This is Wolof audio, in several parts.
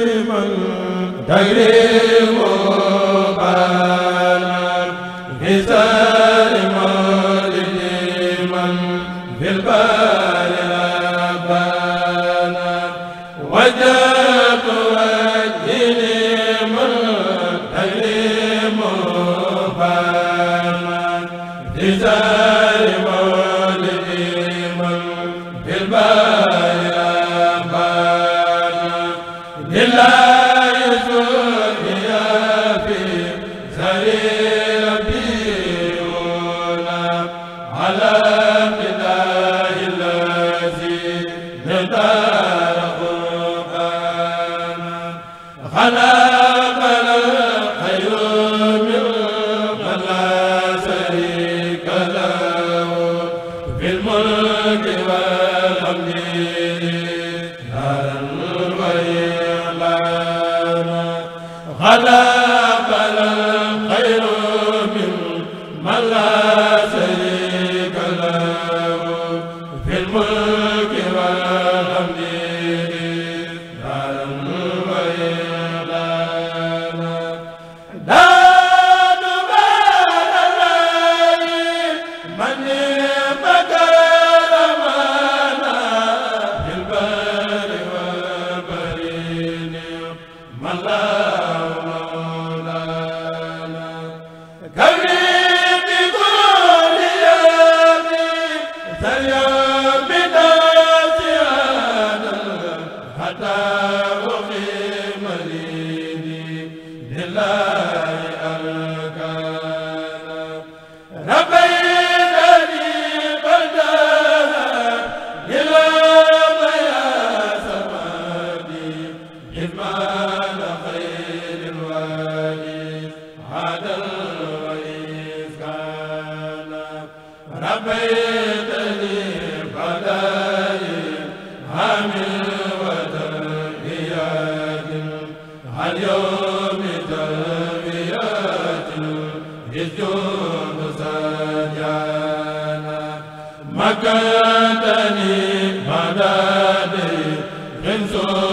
man so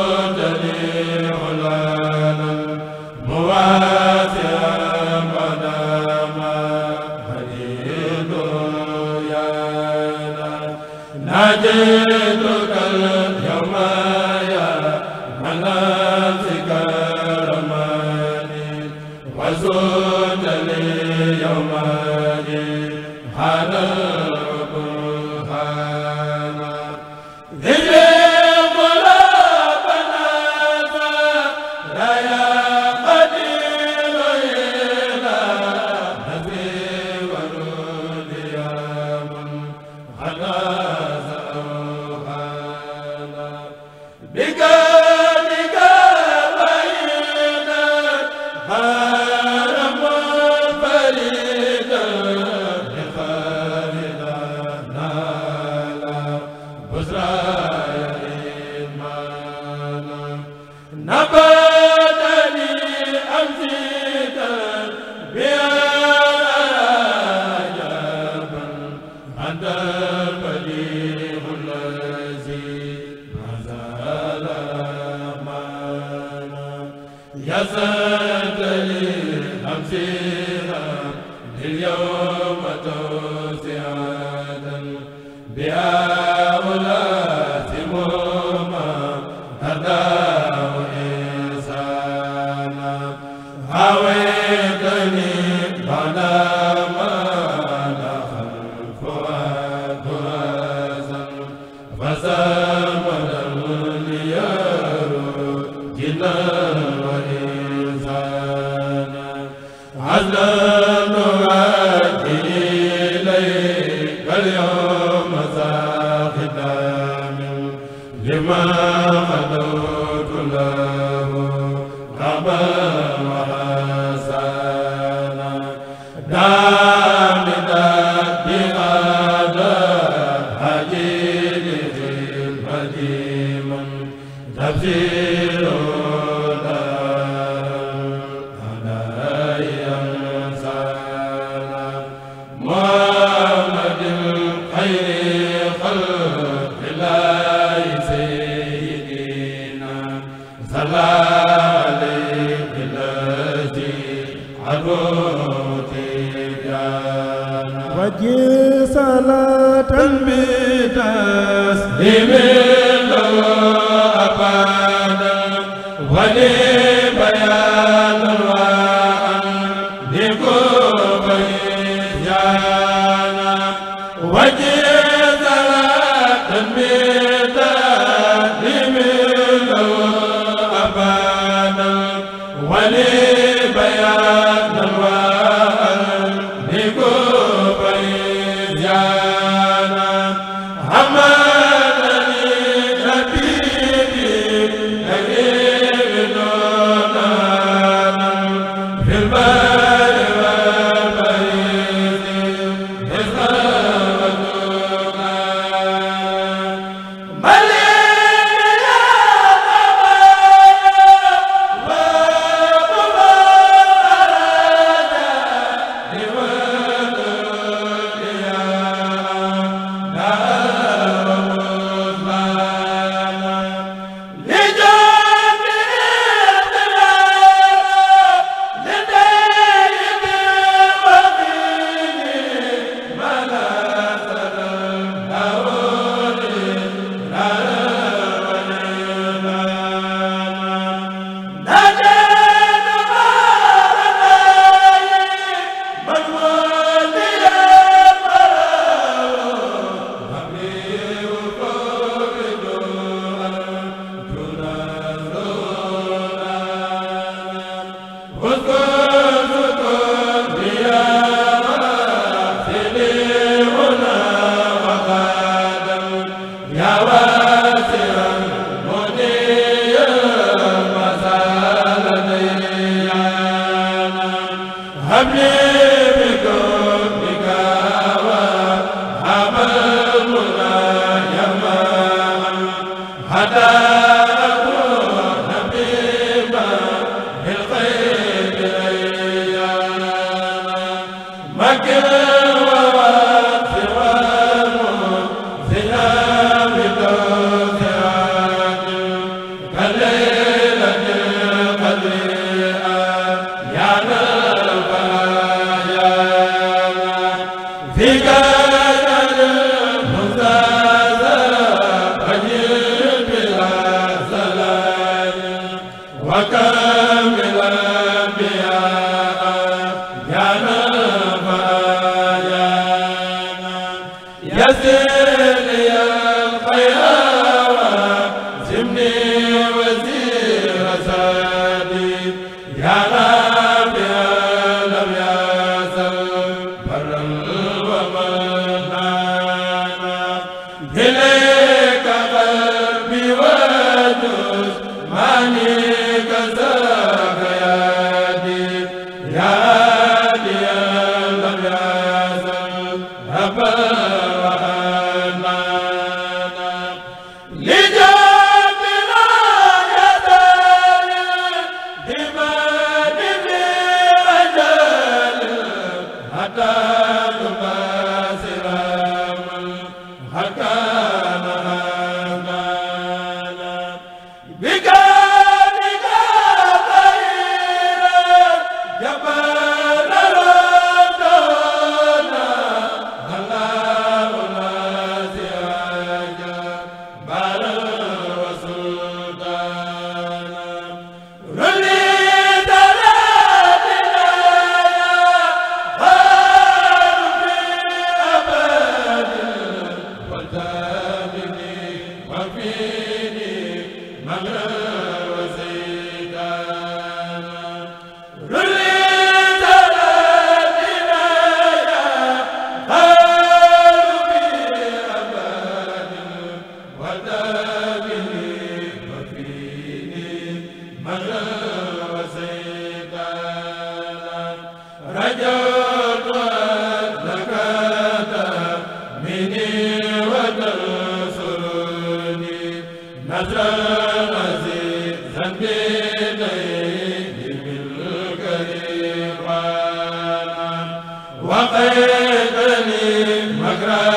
Sagra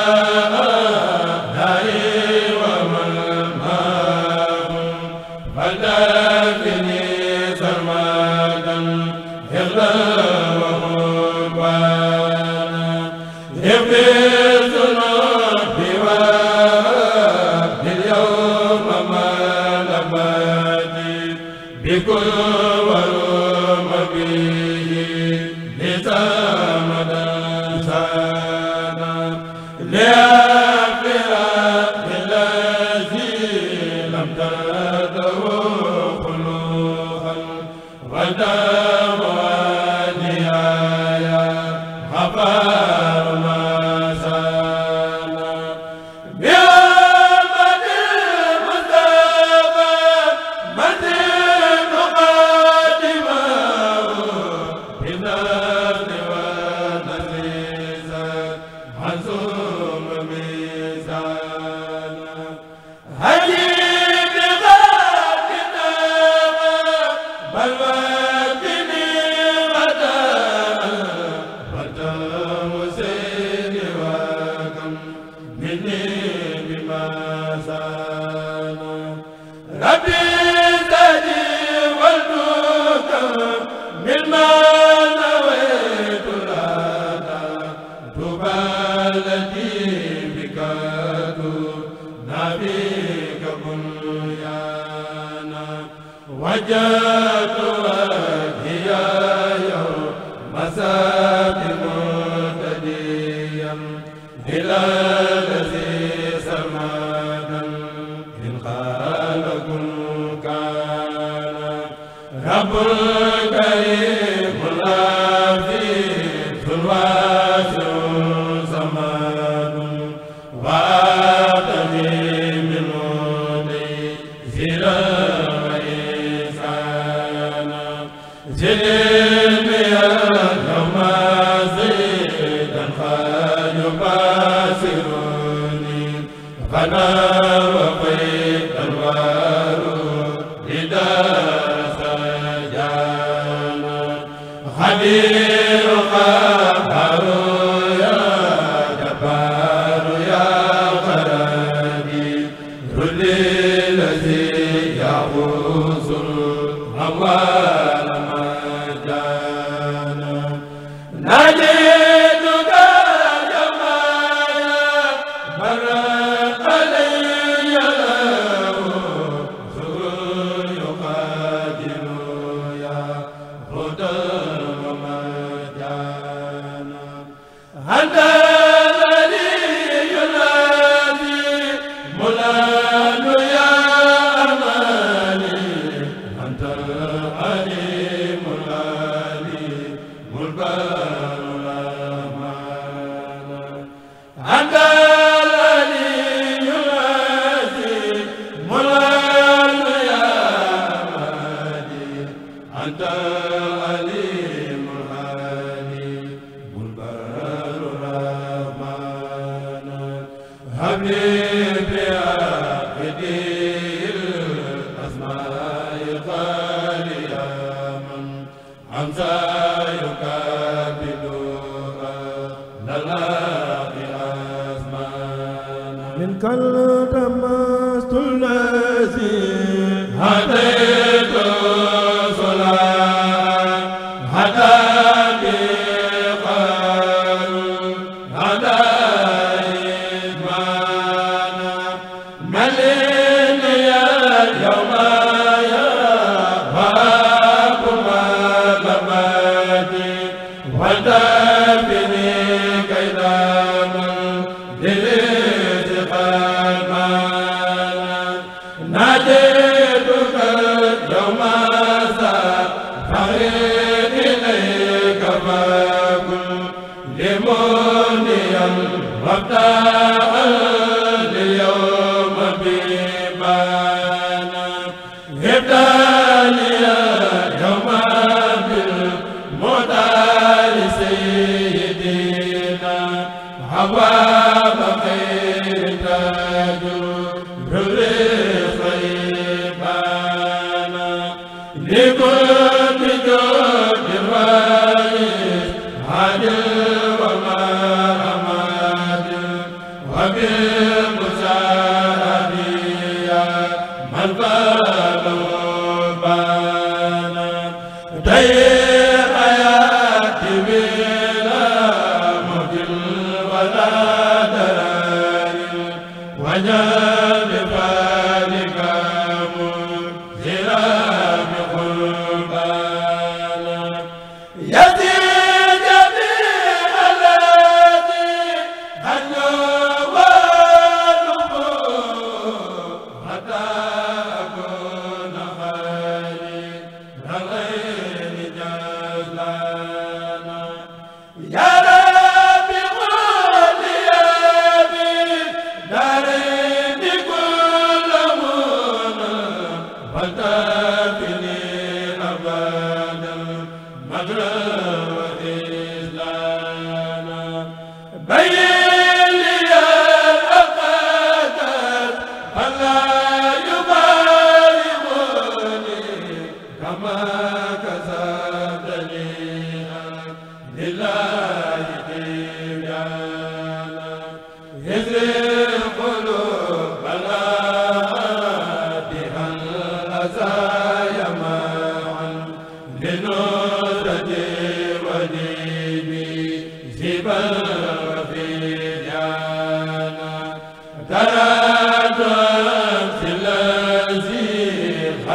sa yaa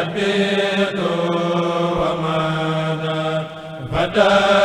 sabbitu wa mada fata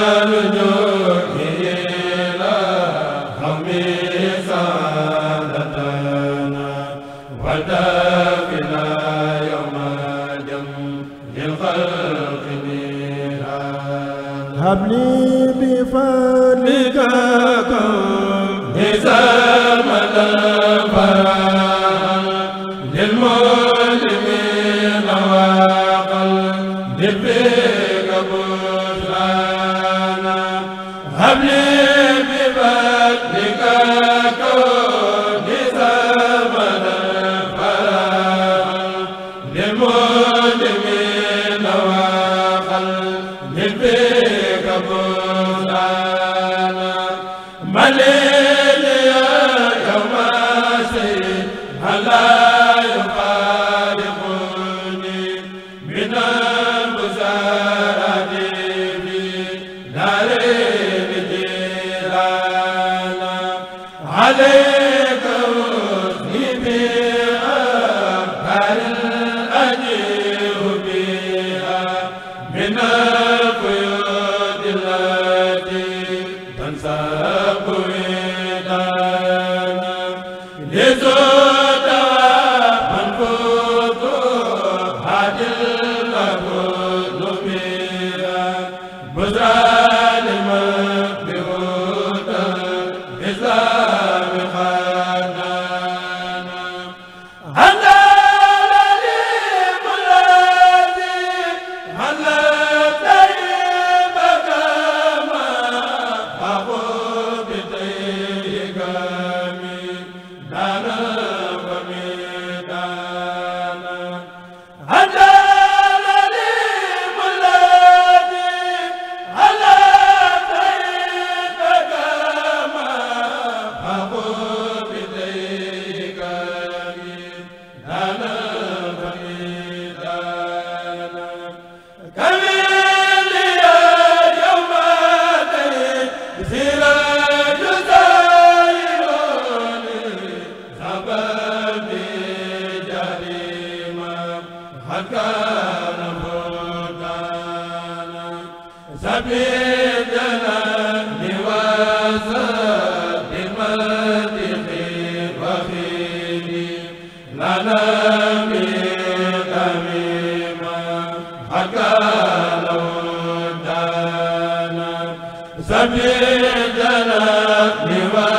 wa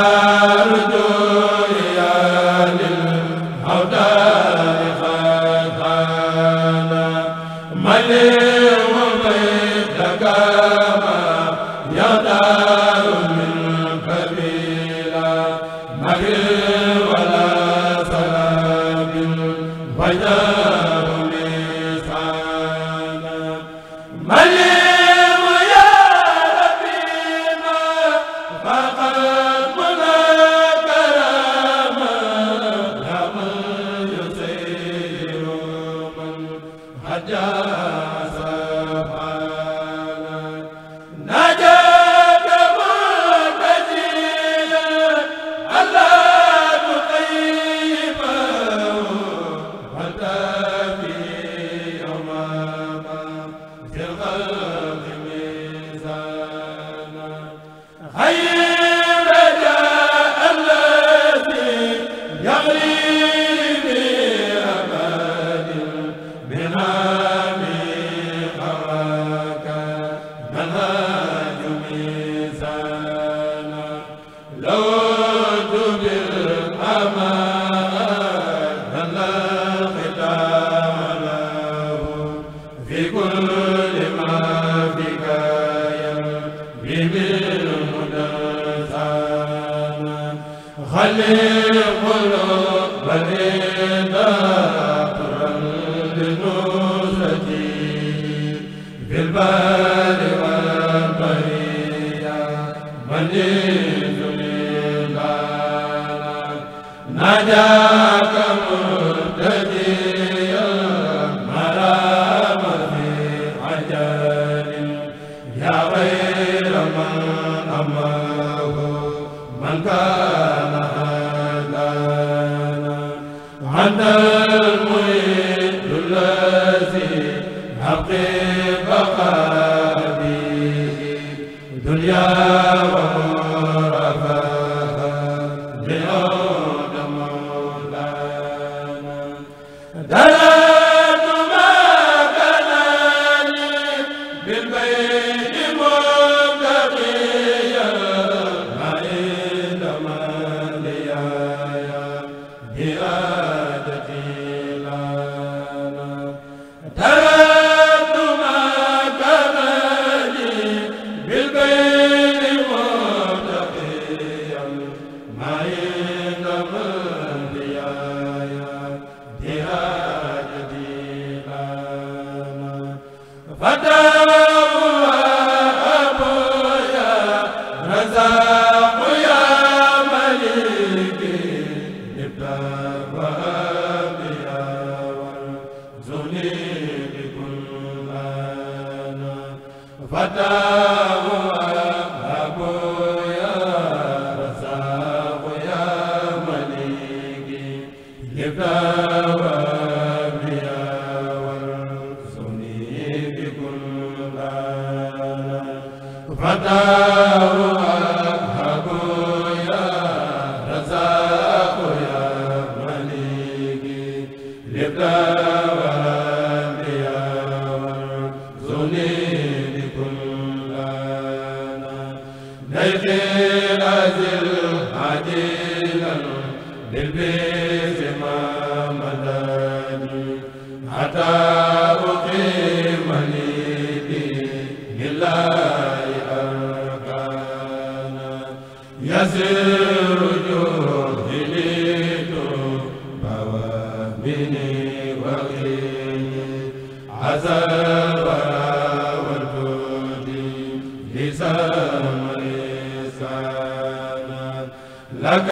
a حقي بقى fataawa